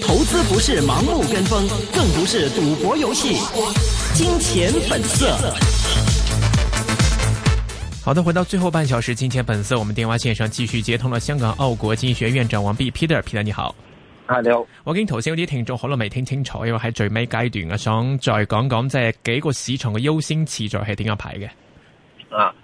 投資不是盲目跟風，更不是賭博遊戲。金錢本色。好的，回到最後半小時，金錢本色，我們電話線上繼續接通了香港澳國經濟學院長王弼 Peter Peter 你好，你好，我見頭先有啲聽眾可能未聽清楚，因為喺最尾階段我想再講講即係幾個市場嘅優先次序係點樣排嘅啊，uh,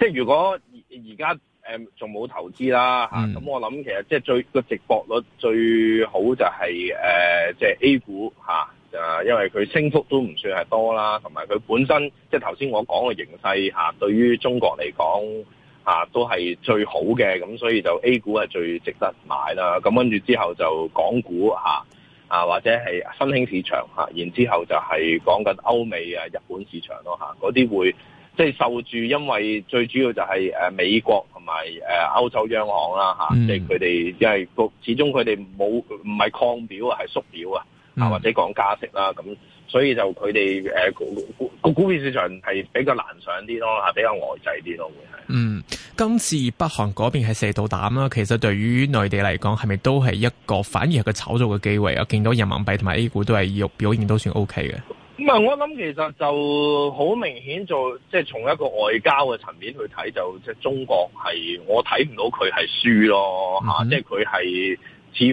即係如果而家。誒，仲冇投資啦嚇，咁、嗯、我諗其實即係最個值博率最好就係、是、誒，即、呃、係、就是、A 股嚇，啊，因為佢升幅都唔算係多啦，同埋佢本身即係頭先我講嘅形勢嚇、啊，對於中國嚟講嚇都係最好嘅，咁所以就 A 股係最值得買啦。咁跟住之後就港股嚇，啊或者係新興市場嚇、啊，然之後就係講緊歐美啊日本市場咯嚇，嗰、啊、啲會。即係受住，因為最主要就係美國同埋誒歐洲央行啦，即佢哋因為始終佢哋冇唔係擴表啊，係縮表啊，啊、嗯、或者講加息啦咁，所以就佢哋誒個股票市場係比較難上啲咯，比較呆滯啲咯會係。嗯，今次北韓嗰邊係射到膽啦，其實對於內地嚟講係咪都係一個反而係個炒作嘅機會啊？我見到人民幣同埋 A 股都係表現都算 O K 嘅。咁啊、嗯！我諗其實就好明顯，就即係從一個外交嘅層面去睇，就即係中國係我睇唔到佢係輸咯吓，啊嗯、哼即係佢係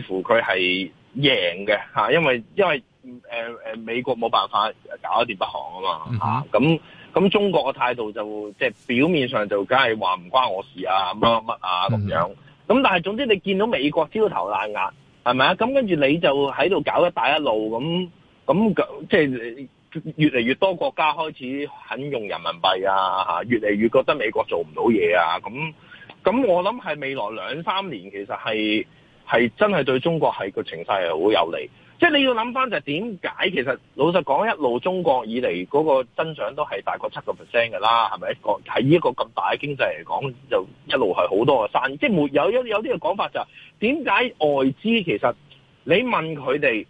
似乎佢係贏嘅吓，因為因為誒誒、呃、美國冇辦法搞得掂北韓、嗯、哼啊嘛吓，咁咁中國嘅態度就即係表面上就梗係話唔關我事啊，乜乜乜啊咁樣，咁、嗯、哼但係總之你見到美國焦頭爛額，係咪啊？咁跟住你就喺度搞一帶一路咁。咁咁，即係越嚟越多國家開始肯用人民幣啊！嚇，越嚟越覺得美國做唔到嘢啊！咁咁，我諗係未來兩三年，其實係係真係對中國係、個情勢係好有利。即係你要諗翻就係點解，其實老實講，一路中國以嚟嗰個增長都係大概七個 percent 㗎啦，係咪？個喺呢一個咁大嘅經濟嚟講，就一路係好多個山。即係冇有有啲嘅講法就係點解外資其實你問佢哋？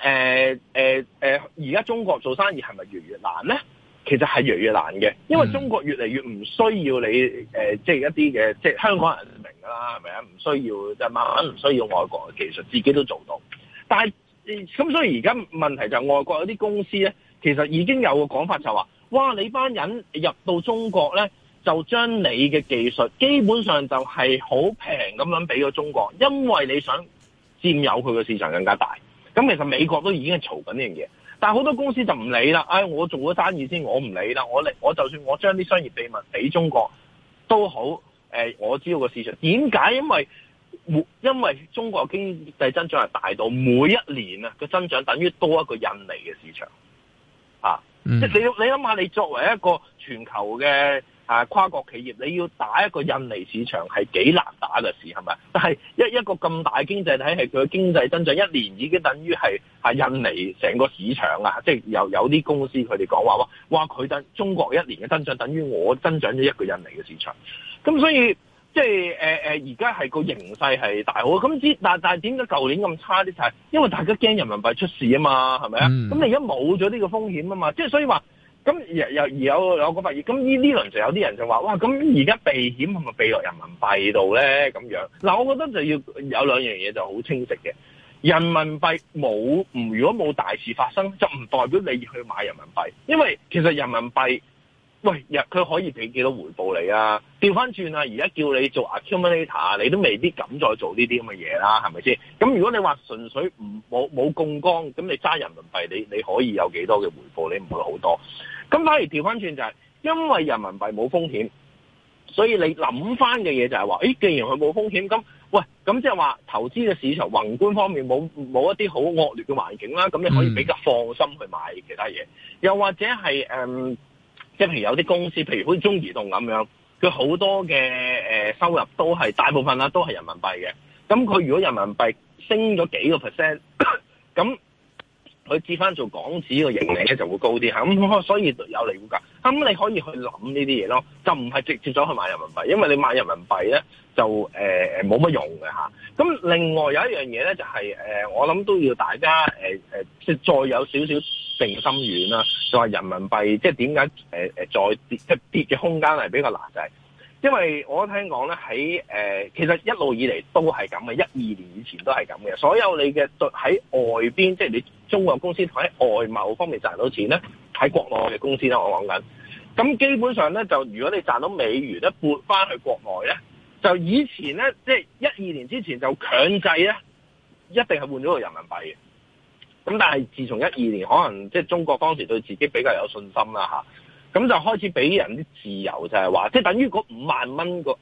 誒誒誒，而家、呃呃呃、中國做生意係咪越越難咧？其實係越越難嘅，因為中國越嚟越唔需要你、呃、即係一啲嘅即係香港人明㗎啦，係咪啊？唔需要就慢慢唔需要外國嘅技術，自己都做到。但係咁、呃，所以而家問題就係外國有啲公司咧，其實已經有個講法就話、是，哇！你班人入到中國咧，就將你嘅技術基本上就係好平咁樣俾咗中國，因為你想佔有佢嘅市場更加大。咁其實美國都已經係嘈緊呢樣嘢，但係好多公司就唔理啦。唉、哎，我做咗生意先，我唔理啦。我嚟，我就算我將啲商業秘密俾中國都好、呃，我知道個市場。點解？因為每因為中國經濟增長係大到每一年啊，個增長等於多一個印尼嘅市場啊！即係、嗯、你你諗下，你作為一個全球嘅。啊！跨國企業你要打一個印尼市場係幾難打嘅事，係咪？但係一一個咁大經濟體係佢嘅經濟增長一年已經等於係印尼成個市場啊！即係有有啲公司佢哋講話話，哇！佢等中國一年嘅增長等於我增長咗一個印尼嘅市場。咁所以即係誒而家係個形勢係大好咁，但係但點解舊年咁差啲？就係因為大家驚人民幣出事啊嘛，係咪啊？咁、嗯、你而家冇咗呢個風險啊嘛，即係所以話。咁而有而有有，有，有個發現，咁呢呢輪就有啲人就話：哇！咁而家避險係咪避落人民幣度咧？咁樣嗱，我覺得就要有兩樣嘢就好清晰嘅。人民幣冇唔如果冇大事發生，就唔代表你要去買人民幣，因為其實人民幣，喂，佢可以俾幾多回報你啊？調翻轉啊！而家叫你做 accumulator 你都未必敢再做呢啲咁嘅嘢啦，係咪先？咁如果你話純粹唔冇冇供光，咁你揸人民幣，你你可以有幾多嘅回報？你唔會好多。咁反而調翻轉就係，因為人民幣冇風險，所以你諗翻嘅嘢就係話，誒，既然佢冇風險，咁喂，咁即係話投資嘅市場宏觀方面冇冇一啲好惡劣嘅環境啦，咁你可以比較放心去買其他嘢，嗯、又或者係誒，即係譬如有啲公司，譬如好似中移動咁樣，佢好多嘅誒收入都係大部分啦，都係人民幣嘅，咁佢如果人民幣升咗幾個 percent，咁。佢置翻做港紙個盈利咧就會高啲，咁所以有利好價。咁你可以去諗呢啲嘢咯，就唔係直接咗去買人民幣，因為你買人民幣咧就誒冇乜用嘅吓。咁另外有一樣嘢咧就係、是、誒、呃，我諗都要大家誒即、呃、再有少少定心丸啦，就係人民幣即係點解誒再跌即係跌嘅空間係比較難就係。因為我都聽講咧，喺、呃、其實一路以嚟都係咁嘅，一二年以前都係咁嘅。所有你嘅對喺外邊，即係你中國公司同喺外貿方面賺到錢咧，喺國內嘅公司咧，我講緊。咁基本上咧，就如果你賺到美元咧，撥翻去國內咧，就以前咧，即係一二年之前就強制咧，一定係換咗個人民幣嘅。咁但係自從一二年，可能即係中國當時對自己比較有信心啦，吓咁就開始俾人啲自由，就係、是、話，即係等於嗰五萬蚊個額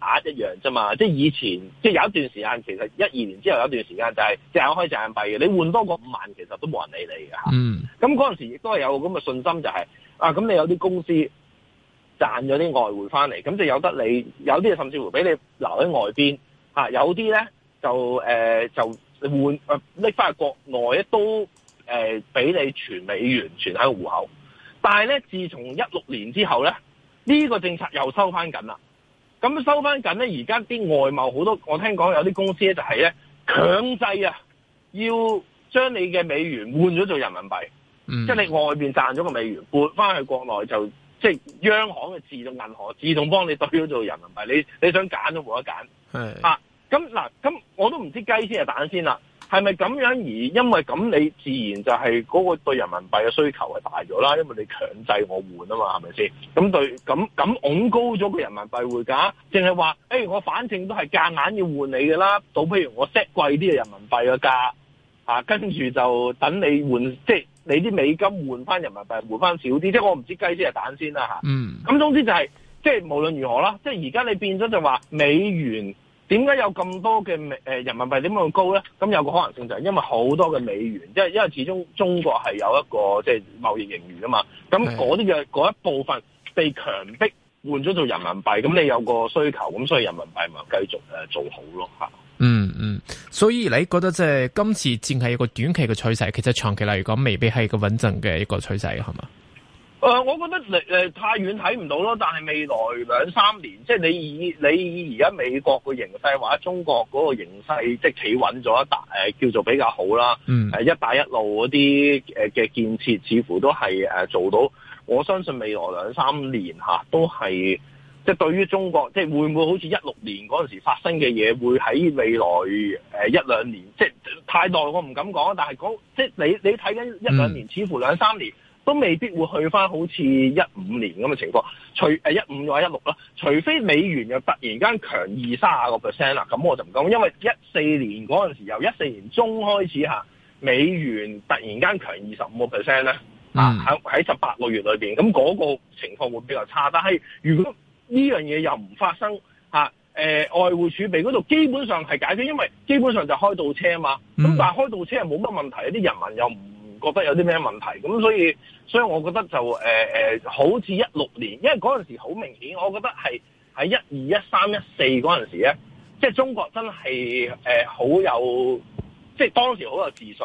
額一樣啫嘛。即係以前，即係有一段時間，其實一二年之後有一段時間就係隻眼開隻眼閉嘅。你換多過五萬，其實都冇人理你嘅嚇。咁嗰陣時亦都係有咁嘅信心，就係、是、啊，咁你有啲公司賺咗啲外匯翻嚟，咁就有得你。有啲甚至乎俾你留喺外邊、啊、有啲咧就、呃、就換搦翻、呃、去國內都誒俾、呃、你全美元，全喺個戶口。但係咧，自從一六年之後咧，呢、呢個政策又收翻緊啦。咁收翻緊咧，而家啲外貿好多，我聽講有啲公司咧就係咧強制啊，要將你嘅美元換咗做人民幣，嗯、即係你外面賺咗個美元撥翻去國內就即係央行嘅自動銀行自動幫你兌咗做人民幣，你你想揀都冇得揀。是的 啊，咁嗱，咁我都唔知雞先係蛋先啦。係咪咁樣？而因為咁你自然就係嗰個對人民幣嘅需求係大咗啦，因為你強制我換啊嘛，係咪先？咁對咁咁拱高咗個人民幣匯價，淨係話誒，我反正都係夾硬要換你噶啦，到譬如我 set 貴啲嘅人民幣嘅價，吓、啊，跟住就等你換，即係你啲美金換翻人民幣，換翻少啲，即係我唔知雞先定蛋先啦吓。啊、嗯。咁總之就係、是、即係無論如何啦，即係而家你變咗就話美元。點解有咁多嘅、誒人民幣點解咁高咧？咁有個可能性就係因為好多嘅美元，即係因為始終中國係有一個即係貿易盈餘啊嘛。咁嗰啲嘅嗰一部分被強迫換咗做人民幣，咁你有個需求，咁所以人民幣咪繼續誒做好咯吓。嗯嗯，所以你覺得即係今次淨係一個短期嘅趨勢，其實長期嚟講未必係一個穩陣嘅一個趨勢，係嘛？呃、我覺得、呃、太遠睇唔到咯。但係未來兩三年，即係你以你以而家美國個形勢或者中國嗰個形勢，即係企穩咗一帶、呃、叫做比較好啦。嗯、呃，一帶一路嗰啲嘅建設似乎都係、呃、做到。我相信未來兩三年、吓、都係即係對於中國，即係會唔會好似一六年嗰陣時發生嘅嘢，會喺未來、呃、一兩年，即係太耐我唔敢講。但係即係你你睇緊一兩年，似乎兩三年。都未必會去翻好似一五年咁嘅情況，除誒一五或一六咯，除非美元又突然間強二三十個 percent 啦，咁我就唔講，因為一四年嗰陣時，由一四年中開始下美元突然間強二十五個 percent 咧，啊喺喺十八個月裏邊咁嗰、那個情況會比較差。但係如果呢樣嘢又唔發生、啊呃、外匯儲備嗰度基本上係解決，因為基本上就開到車啊嘛，咁、嗯、但係開到車係冇乜問題，啲人民又唔覺得有啲咩問題咁，所以所以我覺得就誒誒、呃呃，好似一六年，因為嗰陣時好明顯，我覺得係喺一、二、一三、一四嗰陣時咧，即係中國真係誒、呃、好有，即係當時好有自信。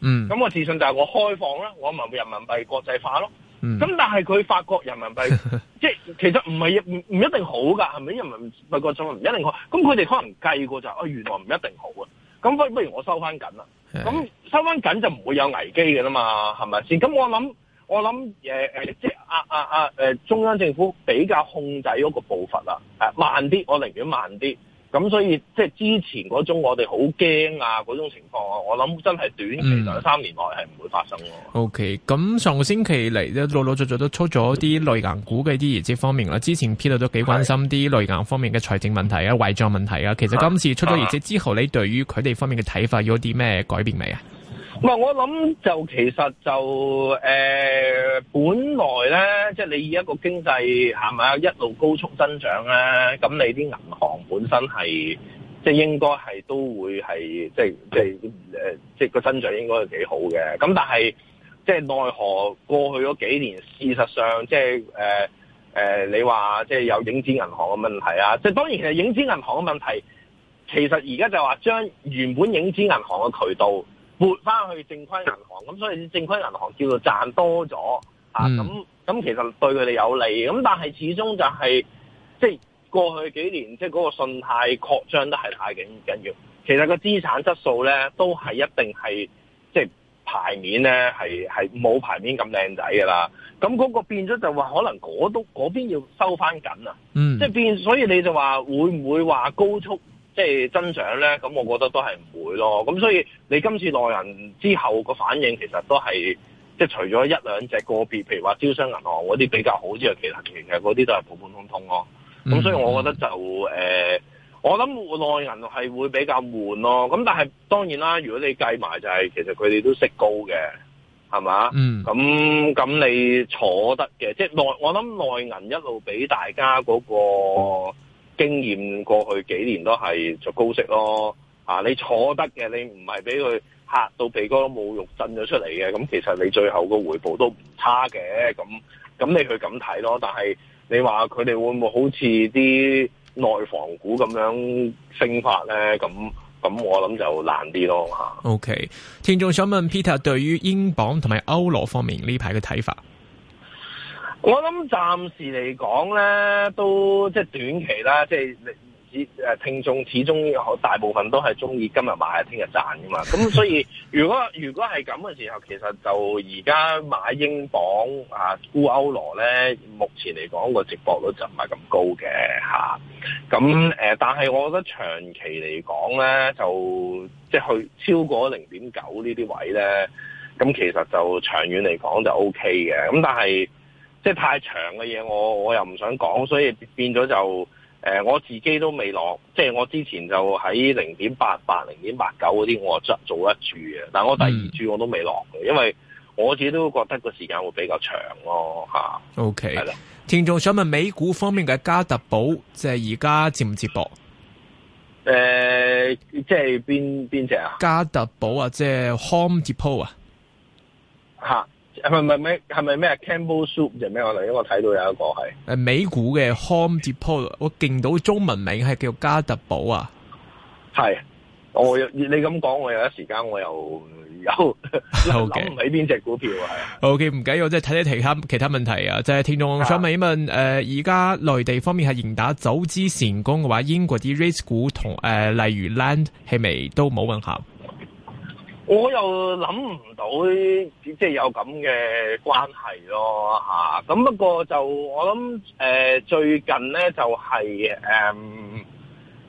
嗯，咁我自信就係我開放啦，我民人民幣國際化咯。咁、嗯、但係佢發覺人民幣 即係其實唔係唔唔一定好㗎，係咪人民幣國際唔一定好？咁佢哋可能計過就啊、係哎，原來唔一定好啊。咁不不如我收翻緊啦。咁 是收翻緊就唔會有危機嘅啦嘛，係咪先？咁我諗我諗誒誒，即係啊啊啊誒中央政府比較控制嗰個步伐啦，呃，慢啲，我寧願慢啲。咁所以即係之前嗰種我哋好驚啊嗰種情況啊，我諗真係短期兩三年內係唔會發生咯。O K，咁上個星期嚟，老老做做都出咗啲內銀股嘅啲業績方面啦，之前披露都幾關心啲內銀方面嘅財政問題啊、壞賬問題啊。其實今次出咗業績之後，你對於佢哋方面嘅睇法有啲咩改變未啊？唔係，我諗就其實就誒、呃，本來咧，即係你以一個經濟係咪啊一路高速增長咧，咁你啲銀行本身係即係應該係都會係即係即係、呃、即係個增長應該係幾好嘅。咁但係即係奈何過去嗰幾年，事實上即係誒、呃呃、你話即係有影子銀行嘅問題啊，即係當然，其實影子銀行嘅問題，其實而家就話將原本影子銀行嘅渠道撥翻去正規銀行，咁所以正規銀行叫做賺多咗，咁、嗯啊、其實對佢哋有利，咁但係始終就係即係過去幾年即係嗰個信貸擴張得係太緊緊要，其實個資產質素呢都係一定係即係牌面呢係係冇排面咁靚仔㗎啦，咁嗰個變咗就話可能嗰都嗰邊要收返緊啊，即係、嗯、變，所以你就話會唔會話高速？即係增長咧，咁我覺得都係唔會咯。咁所以你今次內銀之後個反應其實都係即係除咗一兩隻個別，譬如話招商銀行嗰啲比較好之外，其他其實嗰啲都係普普通通咯。咁所以我覺得就誒、呃，我諗內銀係會比較悶咯。咁但係當然啦，如果你計埋就係、是、其實佢哋都識高嘅，係嘛？嗯。咁咁你坐得嘅，即係內我諗內銀一路俾大家嗰、那個。嗯經驗過去幾年都係做高息咯，啊，你坐得嘅，你唔係俾佢嚇到鼻哥都冇肉震咗出嚟嘅，咁其實你最後個回報都唔差嘅，咁咁你去咁睇咯。但係你話佢哋會唔會好似啲內房股咁樣升法呢？咁咁我諗就難啲咯吓。OK，聽眾想問 Peter 對於英鎊同埋歐羅方面呢排嘅睇法？我諗暫時嚟講咧，都即係短期啦，即係只誒聽眾始終大部分都係中意今日買，聽日賺噶嘛。咁所以如果如果係咁嘅時候，其實就而家買英鎊啊沽歐羅咧，目前嚟講個值博率就唔係咁高嘅吓。咁、啊、誒、呃，但係我覺得長期嚟講咧，就即係去超過零點九呢啲位咧，咁其實就長遠嚟講就 OK 嘅。咁但係，即係太長嘅嘢，我我又唔想講，所以變咗就誒、呃，我自己都未落。即係我之前就喺零點八八、零點八九嗰啲，我就執做一注嘅。但係我第二注我都未落嘅，因為我自己都覺得個時間會比較長咯嚇。O K，係啦。聽眾想問美股方面嘅加特寶，即係而家接唔接駁？誒、呃，即係邊邊隻啊？加特寶啊，即係 Home Depot 啊。嚇！係咪咪係咪咩？Campbell Soup 就定咩？我嚟，因為我睇到有一個係誒美股嘅 Home Depot，我記到中文名係叫加特寶啊，係我你咁講，我有一時間我又有諗唔起邊隻股票啊。O K，唔緊要，即係睇睇其他其他問題啊！即係聽眾想問一問，誒的，而家內地方面係嚴打走資成功嘅話，英國啲 race 股同誒、呃，例如 Land 係咪都冇混淆？我又諗唔到，即係有咁嘅關係咯嚇。咁不過就我諗、呃，最近咧就係、係嗯、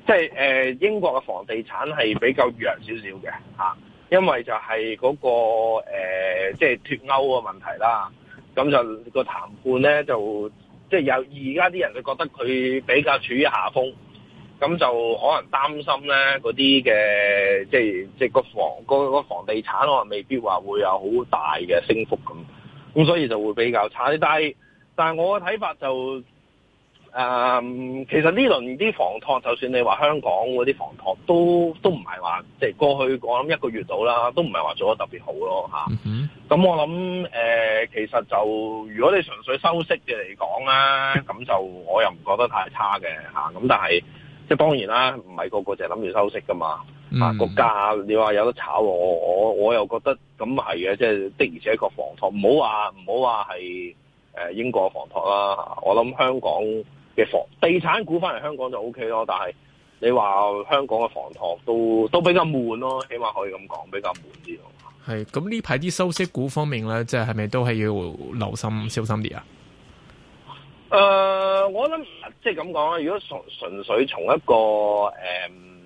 即係、呃、英國嘅房地產係比較弱少少嘅嚇，因為就係嗰、嗰個、呃、即係脫歐嘅問題啦。咁就、個談判咧就，即係有而家啲人就覺得佢比較處於下風。咁就可能擔心咧，嗰啲嘅即係即係個房個房地產，我未必話會有好大嘅升幅咁，咁所以就會比較差啲。但係但係我嘅睇法就、嗯、其實呢輪啲房託，就算你話香港嗰啲房託，都都唔係話即係過去我諗一個月到啦，都唔係話做得特別好咯嚇。咁、啊 mm hmm. 我諗、呃、其實就如果你純粹收息嘅嚟講咧，咁就我又唔覺得太差嘅嚇。咁、啊、但係。即係當然啦，唔係個個淨係諗住收息噶嘛。嗯、啊，個價你話有得炒我，我我我又覺得咁係嘅，即係的而且、就是、確房託，唔好話唔好話係誒英國房託啦。我諗香港嘅房地產股翻嚟香港就 O K 咯，但係你話香港嘅房託都都比較悶咯，起碼可以咁講比較悶啲咯。咁呢排啲收息股方面咧，即係係咪都係要留心小心啲啊？誒、呃，我諗即係咁講啦，如果純純粹從一個誒、嗯，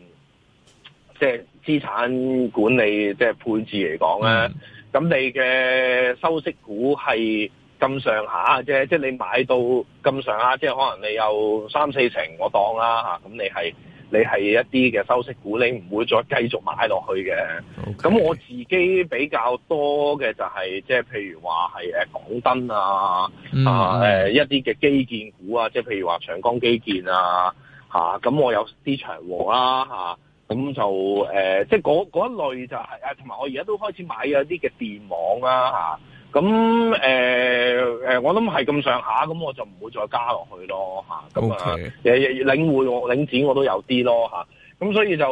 即係資產管理即係配置嚟講咧，咁、嗯、你嘅收息股係咁上下啫，即係你買到咁上下，即係可能你有三四成檔，我當啦吓，咁你係。你係一啲嘅收息股，你唔會再繼續買落去嘅。咁 Okay. 我自己比較多嘅就係即係譬如話係誒港燈啊、mm. 啊誒、呃、一啲嘅基建股啊，即係譬如話長江基建啊嚇。咁、啊、我有啲長和啦嚇，咁、啊、就誒、呃、即係嗰嗰類就係、是、啊，同埋我而家都開始買有啲嘅電網啦、啊、嚇。咁、啊、誒。啊啊我諗係咁上下，咁我就唔會再加落去咯，吓咁啊，領匯領我錢我都有啲咯，吓咁所以就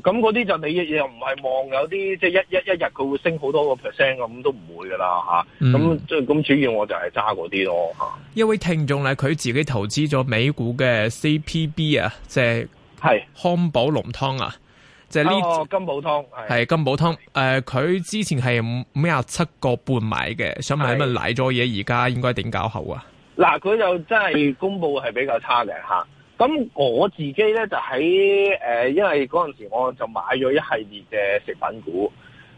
咁嗰啲就你又唔係望有啲即係一一一日佢會升好多個 percent 咁都唔會噶啦，嚇咁即係咁主要我就係揸嗰啲咯嚇。一位、嗯、聽眾咧，佢自己投資咗美股嘅 CPB 啊，即、就、係、是、康寶龍湯啊。就呢、哦、金寶湯係金寶湯誒，佢是、呃、之前係五五廿七個半買嘅，是想問係咪瀨咗嘢，而家應該點搞好啊？嗱、啊，佢就真係公布係比較差嘅吓。咁、啊、我自己咧就喺誒、啊，因為嗰陣時我就買咗一系列嘅食品股，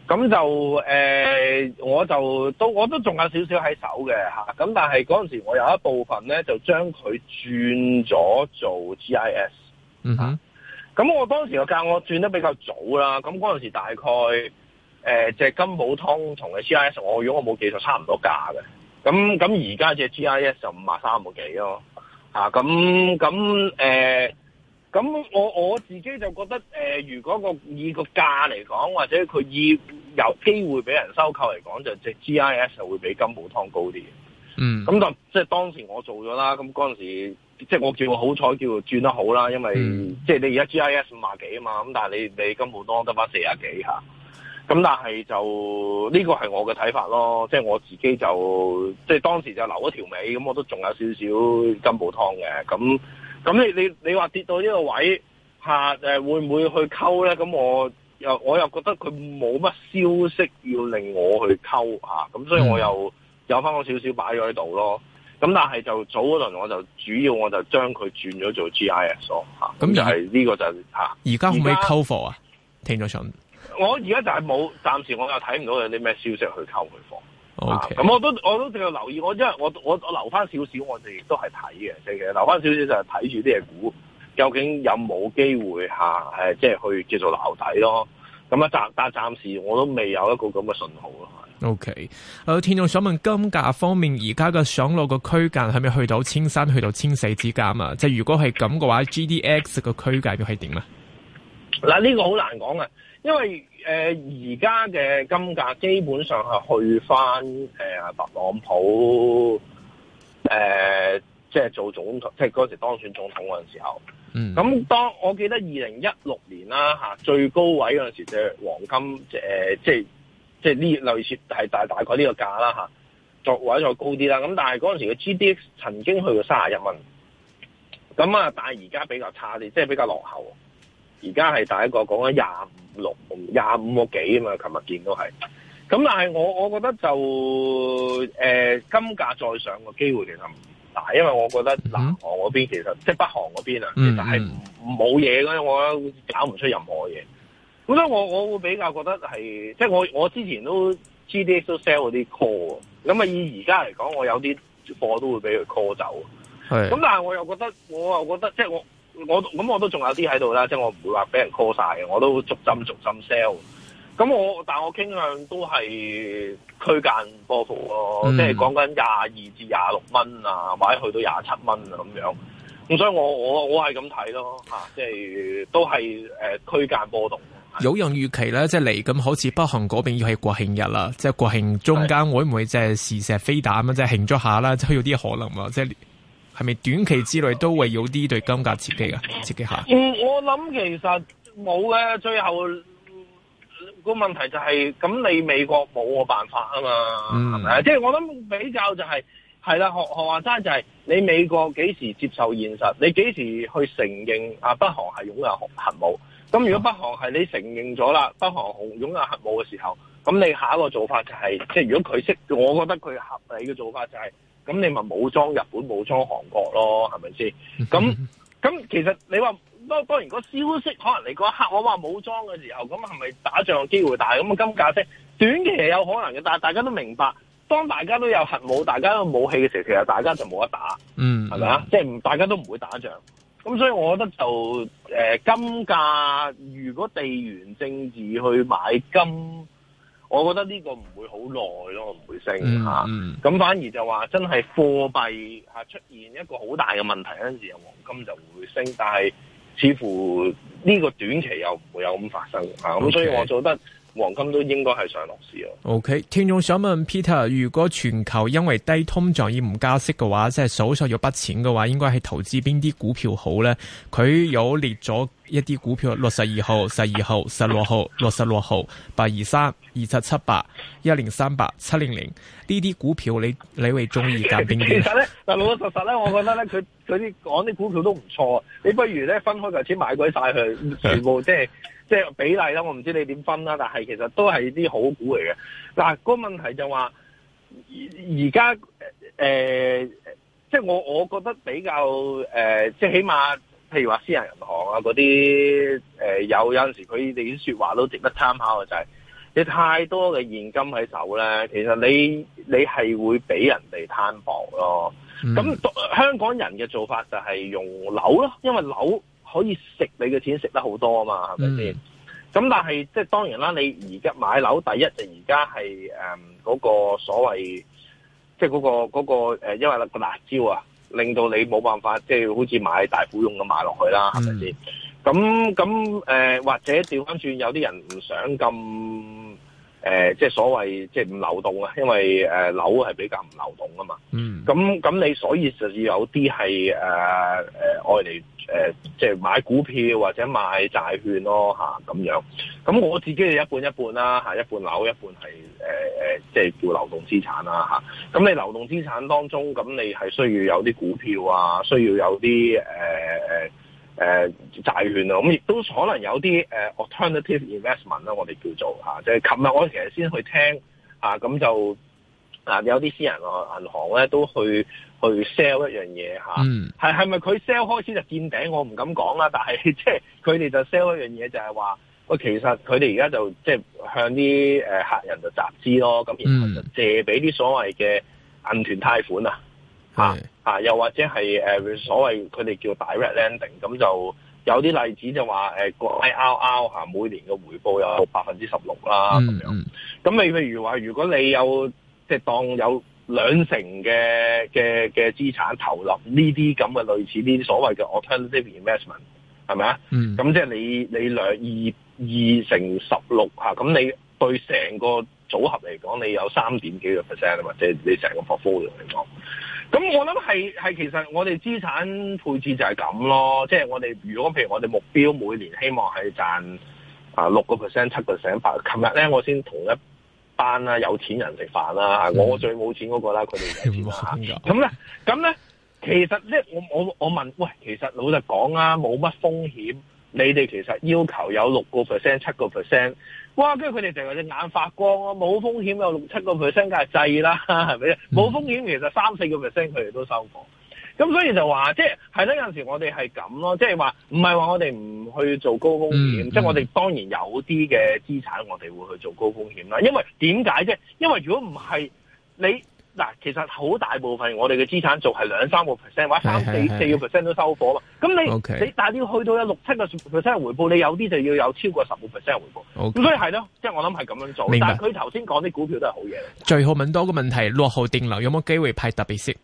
咁就誒、啊，我就都我都仲有少少喺手嘅吓。咁、啊、但係嗰陣時我有一部分咧就將佢轉咗做 GIS，嗯哼。咁我當時個價我轉得比較早啦，咁嗰陣時大概誒隻、呃就是、金寶湯同嘅 GIS，我如果我冇記錯，差唔多價嘅。咁咁而家隻 GIS 就五呀三個幾咯，嚇咁咁誒，咁、呃、我我自己就覺得誒、呃，如果個以個價嚟講，或者佢以有機會俾人收購嚟講，就隻 GIS 就會比金寶湯高啲。嗯，咁就即係當時我做咗啦，咁嗰陣時即係我叫我好彩，叫轉得好啦，因為、嗯、即係你而家 G I S 五廿幾啊嘛，咁但係你你金寶湯得翻四十幾下。咁但係就呢、呢個係我嘅睇法咯，即係我自己就即係當時就留咗條尾，咁我都仲有少少金寶湯嘅，咁咁你你你話跌到呢個位下、啊、會唔會去溝咧？咁我又我又覺得佢冇乜消息要令我去溝嚇，咁、啊、所以我又。嗯有翻我少少擺咗喺度咯，咁但係就早嗰輪我就主要 IS, 會會我就將佢轉咗做 GIS 咯，咁就係呢個就係而家可唔可以溝貨啊？聽咗上，我而家就係冇，暫時我又睇唔到有啲咩消息去溝佢貨。O K，咁我都我都淨係留意，我因為我我我留翻少少，我哋亦都係睇嘅，即係其實留翻少少就係睇住啲嘢估究竟有冇機會嚇，誒，即係去叫做留底咯。咁啊暫但暫時我都未有一個咁嘅信號咯，係、okay. 呃。O K，誒，聽眾想問金價方面，而家嘅上落個區間係咪去到千三去到千四之間啊？即係如果係咁嘅話，G D X 區間個區間表係點啊？嗱，呢個好難講啊，因為誒而家嘅金價基本上係去翻誒特朗普誒、呃、即係做總統，即係嗰時當選總統嗰陣時候。咁、嗯、當我記得二零一六年啦、啊、最高位嗰陣時嘅黃金，即係即係呢類似係大大概呢個價啦、啊、作再位再高啲啦。咁但係嗰陣時嘅 GDX 曾經去過三十一蚊，咁啊，但係而家比較差啲，即、就、係、是、比較落後。而家係大一個講緊廿五六廿五個幾啊嘛，琴日見都係。咁但係我我覺得就誒、呃、金價再上個機會其實～因為我覺得南韓嗰邊其實、嗯、即係北韓嗰邊啊，其實係冇嘢嘅，嗯、我搞唔出任何嘢。咁所以我我會比較覺得係即係我我之前都 GDX 都 sell 嗰啲 call，咁啊、嗯、以而家嚟講，我有啲貨都會俾佢 call 走。咁是的 但係我又覺得我又覺得即係我我咁我都仲有啲喺度啦，即係我唔會話俾人 call 晒嘅，我都逐針逐針 sell。咁我，但我傾向都係區間波動，咯、嗯，即係講緊廿二至廿六蚊啊，或者去到廿七蚊咁樣。咁所以我我我係咁睇囉，即係都係誒、呃、區間波動。有人預期呢，即係嚟咁好似北韓嗰邊要係國慶日啦，即係國慶中間會唔會即係試射飛彈啊？即係慶祝下啦，即係有啲可能喎。即係係咪短期之內都會有啲對金價刺激？嘅刺激下？嗯，我諗其實冇呢，最後。個問題就係、是，咁你美國冇個辦法啊嘛，係咪、嗯？即係、就是、我諗比較就係、是，係啦，韓韓寒山就係你美國幾時接受現實？你幾時去承認啊？北韓係擁有核武？咁如果北韓係你承認咗啦，北韓擁擁有核武嘅時候，咁你下一個做法就係、是，即係如果佢識，我覺得佢合理嘅做法就係、是，咁你咪武裝日本、武裝韓國咯，係咪先？咁咁其實你話。當當然，個消息，可能你嗰刻，我話武裝嘅時候，咁係咪打仗嘅機會大？咁啊，金價啫，短期係有可能嘅，但係大家都明白，當大家都有核武，大家都有武器嘅時候，其實大家就冇得打，嗯，係咪啊？即係，大家都唔會打仗。咁所以，我覺得就誒、呃，金價如果地緣政治去買金，我覺得呢個唔會好耐咯，唔會升吓。咁、嗯啊、反而就話，真係貨幣吓出現一個好大嘅問題嗰陣時，黃金就會升，但係。似乎呢個短期又唔會有咁發生吓，咁所以我做得。黃金都應該係上落市啊！OK，聽眾想問 Peter，如果全球因為低通脹而唔加息嘅話，即係手上有筆錢嘅話，應該係投資邊啲股票好咧？佢有列咗一啲股票，六十二號、十二號、十六號、六十六號、八二三、二七七八、一零三八、七零零呢啲股票你，你你會中意揀邊啲？ 其實咧，但老老實實咧，我覺得咧，佢佢啲講啲股票都唔錯，你不如咧分開嚿錢買鬼晒佢，全部 即係。即係比例啦，我唔知你點分啦，但係其實都係啲好股嚟嘅。嗱，個問題就話而家誒，即係我我覺得比較誒、呃，即係起碼譬如話私人銀行啊嗰啲誒有有陣時佢哋啲說話都值得參考嘅就係、是，你太多嘅現金喺手咧，其實你你係會俾人哋攤薄咯。咁、嗯、香港人嘅做法就係用樓咯，因為樓。可以食你嘅錢食得好多啊嘛，係咪先？咁但係即係當然啦，你而家買樓第一就而家係誒嗰個所謂即係嗰個嗰、嗰個、誒、因為個辣椒啊，令到你冇辦法即係、即係、好似買大股用咁買落去啦，係咪先？咁咁誒，或者調翻轉有啲人唔想咁誒，即、誒、係、即係、所謂即係唔流動啊，因為誒、誒、樓係比較唔流動啊嘛。嗯。咁咁你所以就要有啲係誒誒愛嚟。呃呃誒、呃，即係買股票或者買債券咯嚇，咁、啊、樣。咁我自己就一半一半啦、啊、一半樓，一半係誒誒，即係叫流動資產啦嚇。咁、啊、你流動資產當中，咁你係需要有啲股票啊，需要有啲誒誒誒債券啊。咁亦都可能有啲、呃、alternative investment 啦，我哋叫做嚇。即係琴日我其實先去聽啊，咁就啊有啲私人銀行咧都去。去 sell 一樣嘢係咪佢 sell 開始就見頂？我唔敢講啦，但係即係佢哋就 sell 一樣嘢就係話，喂，其實佢哋而家就即係、就是、向啲客人就集資咯，咁然後就借俾啲所謂嘅銀團貸款、嗯、啊，又或者係、呃、所謂佢哋叫 direct lending，咁就有啲例子就話誒 IRR 嚇，呃、每年嘅回報有百分之十六啦咁、嗯、樣。咁你譬如話，如果你有即係、就是、當有兩成嘅嘅嘅資產投入呢啲咁嘅類似呢啲所謂嘅 alternative investment 係咪啊？嗯、mm.，咁即係你你兩二二乘十六嚇，咁你對成個組合嚟講，你有三點幾個 percent 啊嘛，即係你成個 portfolio 嚟講。咁我諗係係其實我哋資產配置就係咁咯，即係我哋如果譬如我哋目標每年希望係賺啊六個 percent、七個 percent、八。琴日咧，我先同一。班啦，有錢人食飯啦，嗯、我最冇錢嗰、那個啦，佢哋有錢咁咧，咁咧， 其實咧，我我我問，喂，其實老實講啊，冇乜風險。你哋其實要求有六個 percent、七個 percent，哇！跟住佢哋成日隻眼發光啊，冇風險有六七個 percent，梗係制啦，係咪先？冇、嗯、風險其實三四個 percent，佢哋都收過。咁所以就話，即係咧，有陣時我哋係咁咯，即係話唔係話我哋唔去做高風險，嗯、即係我哋當然有啲嘅資產，我哋會去做高風險啦。因為點解啫？因為如果唔係你嗱，其實好大部分我哋嘅資產做係兩三個 percent，或者三四四個 percent 都收火咯。咁你 okay，你但係你要去到有六七個 percent 嘅回報，你有啲就要有超過十五 percent 嘅回報。咁 okay, 所以係咯，即係我諗係咁樣做。白但係佢頭先講啲股票都係好嘢。最好問多一個問題：落後電能有冇機會派特別息？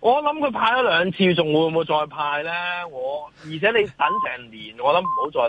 我諗佢派咗兩次，仲會唔會再派咧？我，而且你等成年，我諗唔好再諗。